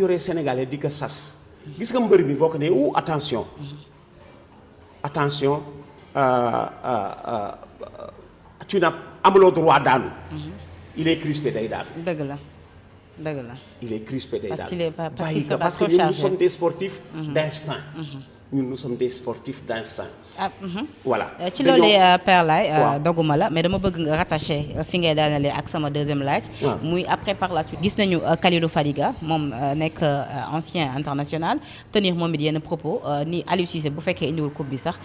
yore sénégalais di ko sas gis nga mbër bi bokk ko nee ou attention attention euh, euh, euh, tu n'as amuloo droit daanu il est crispé day daanu dëgg la dëgg la il est crispé day daanu parce que ñun nous sommes des sportifs mhm. ñun nous sommes des sportifs d'instinct. ah mhm. voilà euh, ci loolu Père Laye euh, doguma la mais dama bëgg nga rattaché euh, fi ngay daanalee ak sama deuxième laaj. muy après par la suite. gis nañu Kalidou Fadiga moom nekk ancien international tenir moom it yenn propos ni Aliou Cissé bu fekkee indiwul coupe bi sax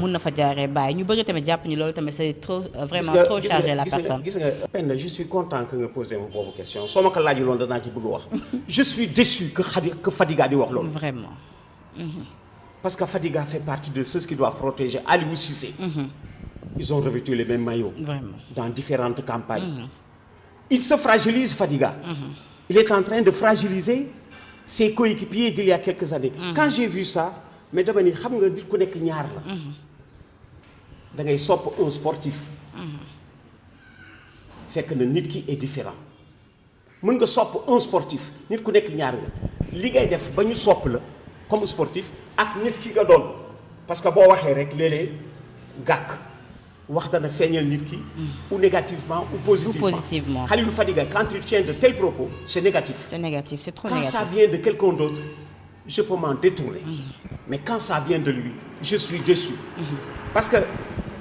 mun na fa jaaree bàyyi ñu bëri tamit jàpp ni loolu tamit c'est trop vraiment trop chargé la personne. gis nga Penda je suis content que nga posé ma question soo ma ko laajuloon danaa ci bëgg wax. je suis déçu que Fadiga di wax parce que Fadiga fait partie de ceux qui doivent protéger Aliou Cissé. Mhm. ils ont revêtu les mêmes maillots. Vraiment. dans différentes campagnes. Mhm. il se fragilise Fadiga. Mhm. il est en train de fragiliser ses coéquipiers d'il y quelques années. quand j'ai vu ça mais dama xam nga nit ku nekk ñaar la. da sopp un sportif. fekk na nit ki est différent mën nga sopp un sportif nit ku nekk ñaar nga li ngay def ba ñu sopp la. comme sportif ak nit ki nga doon parce que boo waxee rek léeg-léeg gàkk wax dana feeñal nit ki. Mm. ou négativement ou positivement. ou positivement. Khalilou Fadiga quand il tient de tels propos c'est négatif. c'est négatif c'est trop négatif quand ça vient de quelqu'un d'autre je peux m'en détourner. Mm. mais quand ça vient de lui je suis déçu. Mm-hmm. parce que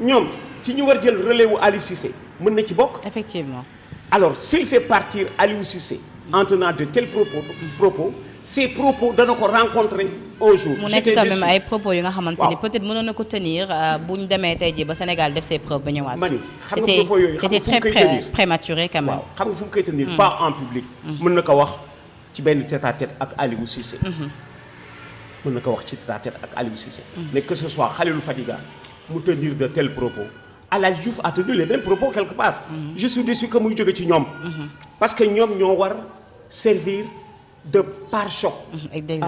ñoom ci ñu war jël relais wu Aliou Cissé mën na ci bokk. effectivement alors s'il fait partir Aliou Cissé. en tenant de tels propos mm. propos. ces propos dana ko rencontrer un jour. mu nekk quand même ay propos yu nga xamante peut-être mënoon na ko tenir euh, bu ñu demee tey jii ba Sénégal def ses preuves ba ñëwaat. man mu koy hmm. hmm. wax ci benn tête à ak Aliou Cissé. Hmm. mën na ko ci soit Khalilou Fadiga mu tenir de tels propos. a tenu les mêmes propos quelque part. je suis muy jóge ci ñoom. parce que ñoom ñoo war servir. de pare-choc. Mm-hmm. et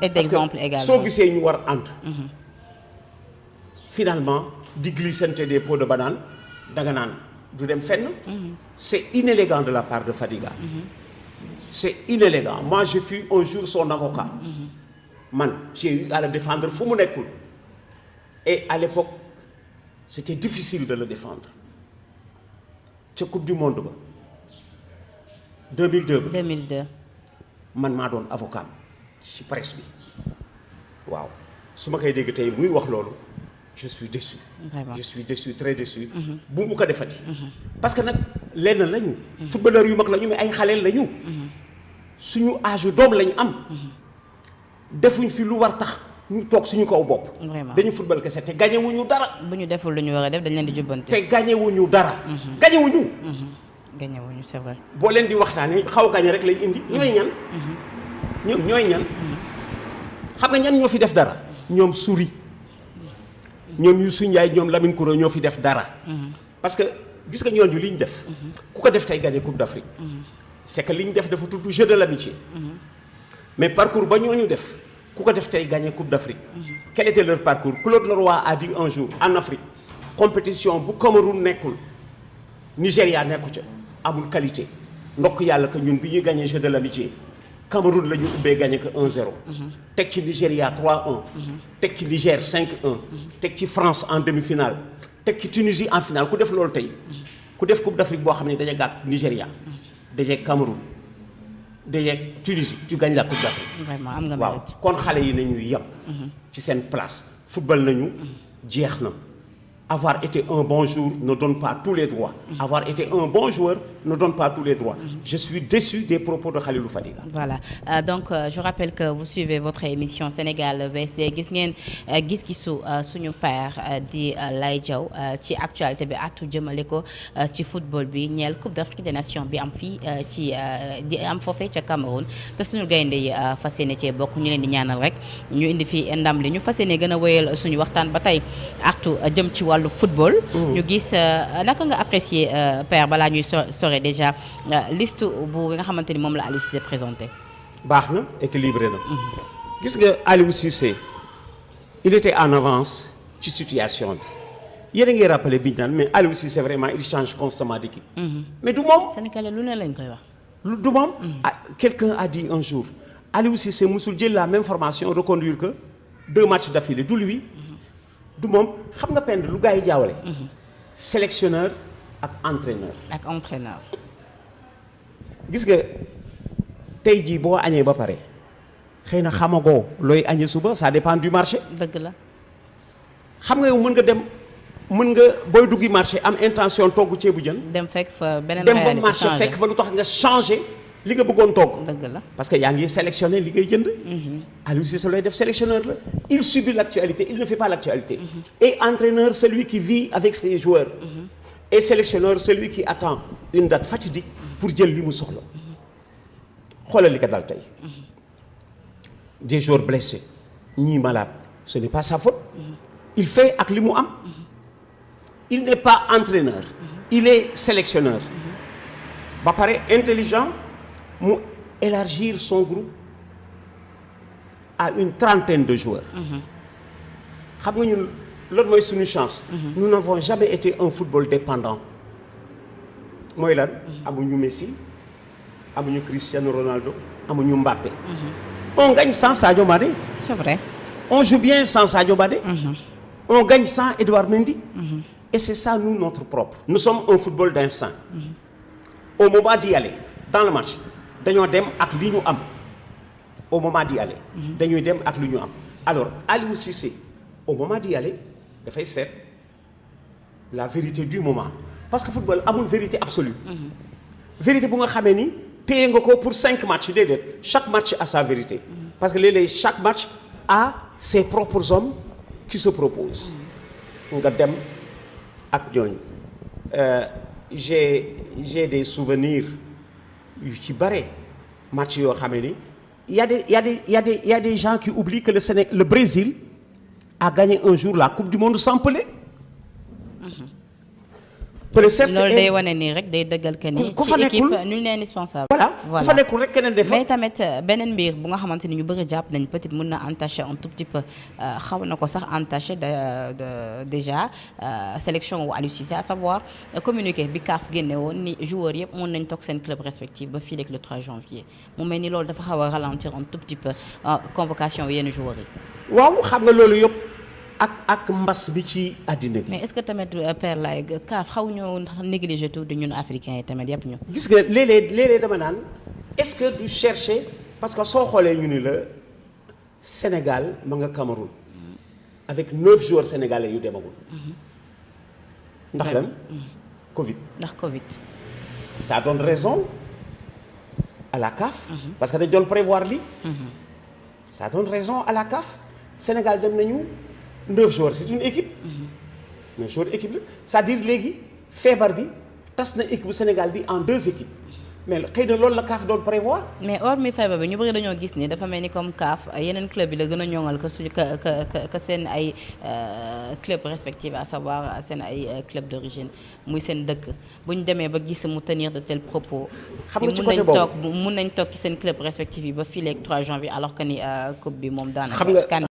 ah, d'exemple également soo gisee ñu war ànd. Mm-hmm. finalement di glissante des pots de banane danga naan du dem fenn. Mm-hmm. c'est inélégant de la par de Fadiga. c'est inélégant moi je fus un jour son avocat. man j'ai eu à le défendre fu mu nekkul. et à l'époque c'était difficile de le défendre ca coupe du monde ba man maa doon avocat ci presse bi waaw su ma koy dégg tey muy wax loolu je suis déçu je suis déçu très déçu mhm. bu mu ko defati mhm. parce que nag lenn lañu mhm. footballeur yu mag lañu mais ay xaleel lañu suñu âge yu doom lañu am defuñ fi lu war tax ñu toog suñu kaw bopp dañu football kese te gañewuñu dara bu ñu deful lu ñu war def dañ leen di jubbante te gañewuñu dara gañewuñu gagné wuñu c'est vrai. boo leen di waxtaanee xaw gagné rek lay indi ñooy ñan. Mm-hmm. ñoom ñooy ñan. xam nga ñan ñoo fi def dara. ñoom Souris mm-hmm. ñoom Youssou Ndiaye ñoom Lamine Koura ñoo fi def dara. Mm-hmm. parce que gis nga ñooñu li ñu def. ku ko def tey gagné Coupe d'Afrique. c'est que li ñu def dafa tudd jeu de l'amitié. mais parcours ba ñu def ku ko def tey gagné Coupe d'Afrique. quel était leur parcours Claude Leroy a dit un jour en Afrique compétition bu Cameroun nekkul Nigéria nekku ca. amul qualité ndokk yàlla que ñun bi ñuy gagné jeu de l' amitié Cameroun la ñu ubbee gagné que 1-0. teg ci Nigéria 3-1. teg ci Niger cinq 1 teg ci France en demi-finale teg ci Tunisie en finale ku def loolu tey ku def Coupe d' boo xam ne daje gàkk Nigéria daje Cameroun daje Tunisie tu gagnes la Coupe d' am nga waaw kon xale yi nañu yem. Mhm. ci seen place football nañu jeex na. avoir été un bon jour ne donne pas tous les droits. Mhm. avoir été un bon joueur. ne donne pas tous les droits. Mm -hmm. Je suis déçu des propos de Khalilou Fadiga. Voilà euh, donc euh, je que vous suivez votre émission Sénégal VSD gis ngeen euh, gis-gisu euh, suñu père euh, di Lay Diaw ci actualité bi àttu jëmale ko ci football bi ñeel Coupe d'Afrique des Nations bi am fii ci di am foofee ca Cameroun te suñu gaynde yi fas yéene cee bokk ñu leen di ñaanal rek ñu indi fii ndam li ñu fas yéene gën a wéyal suñu waxtaan ba tey àttu jëm ci wàllu football. Mm. ñu gis naka nga améliorer déjà euh, liste bu bi nga xamante ni moom la Aliou Cissé présenté. baax na équilibré na. Mhm. gis nga Aliou il était en avance ci situation bi. yéen a ngi rappelé biñ naan mais Aliou Cissé vraiment il change constamment d'équipe. Mhm. mais du moom. Mhm. Ah, quelqu'un a dit un jour Aliou musul jël la même formation reconduire que deux matchs d'affilée du lui. du moom xam nga pend lu gars yi jaawale. sélectionneur. ak entraîneur. ak entraîneur. gis nga tey jii boo añee ba pare xëy na xamagoo looy añee suba ça dépend du marché. dëgg la. xam nga yow mun nga dem mën nga booy duggi marché am intention togg ceebu jën. dem fekk fa beneen dem ba marché fekk fa lu tax nga changé. li nga bëggoon togg dëgg la parce que yaa ngi sélectionné li ngay jënd. Mhm. Aliou Cissé looy def sélectionneur la. il subit l' actualité il ne fait pas l' mhm. et entraîneur celui qui vit avec ses joueurs. Mhm. et sélectionneur celui qui attend une date fatidique pour jël li mu soxla xoolal li ko dal tey des joueurs blessés ñii malaat ce n'est pas sa faute il fait ak li mu am il n'est pas entraîneur il est sélectionneur ba pare intelligent mu élargir son groupe à une trentaine de joueurs mmh. xam nga ñun lan mooy suñu chance. Mhm. nous n'avons jamais été un football dépendant. mooy lan mhm. amuñu Messi amuñu Cristiano Ronaldo amuñu Mbappé. Mhm. on gagne sans Sadio Mané. c'est vrai. on joue bien sans Sadio Mané. on gagne sans Edouard Mendy. et c'est ça nous notre propre. nous sommes un football d'instinct. au moment d'y aller dans le match dañoo dem ak li ñu am au moment d'y aller. dem ak li ñu am alors Aliou Cissé au moment d'y aller. dafay seet la vérité du moment parce que football amul vérité absolue mhm. vérité bu nga xamee ni téye nga ko pour cinq matchs déedéet chaque match a sa vérité mhm. parce que léeg-léeg chaque match a ses propres hommes qui se proposent mhm. nga dem ak ñooñu euh, j'ai j'ai des souvenirs yu ci bare match yoo xamee ni y a des y a des y a des qui oublient que le Sénégal le Brésil a gagné un jour la coupe du monde sans Pelé. day wone nii rek day dëggal que ni. ku fa nekkul ci équipe nul n'est indispensable. voilà ku fa nekkul rek keneen tamit euh, beneen mbir bu nga xamante ni ñu bëri jàpp nañ peut être mën na entaché un tout petit peu euh, xaw na ko sax entaché de déjà euh, sélection wu Aliou Cissé à savoir communiqué bi CAF génne woon ni joueurs yëpp mën nañ toog seen club respectif ba fii rek le 3 janvier mu mel ni loolu dafa xaw a ralentir un tout petit peu convocation ak ak mbas bi ci àddina bi. mais est-ce que tamit euh, Père Laye kaaf xaw ñoo négligé tout di ñun africains yi tamit yëpp ñu. gis nga léeg-léeg léeg-léeg dama naan est-ce que du chercher parce que soo xoolee ñu ni la Sénégal ma nga Cameroun avec neuf joueurs sénégalais yu demagul. Mm-hmm. ndax lan mm-hmm. Covid. ndax Covid. ça donne raison à la CAF. Mm-hmm. parce que dañ doon prévoir lii. ça donne raison à la CAF Sénégal dem nañu. neuf joueurs c'est une équipe. Mm-hmm. neuf équipe la cest à léegi feebar bi tas na équipe bu Sénégal bi en deux équipes. mais xëy na loolu la CAF doon prévoir. mais or mi feebar bi ñu bëri dañoo gis ni dafa mel ni comme CAF yeneen club yi la gën a ñoŋal que suñu que que que seen ay euh, club respectifs à savoir seen ay euh, club d'origine muy seen dëkk bu ñu demee ba gis mu tenir de tels propos. xam nga mun nañ toog mun nañ toog ci seen club respectifs yi ba fii léegi 3 janvier alors que ni euh, coupe bi moom daanaka. xam nga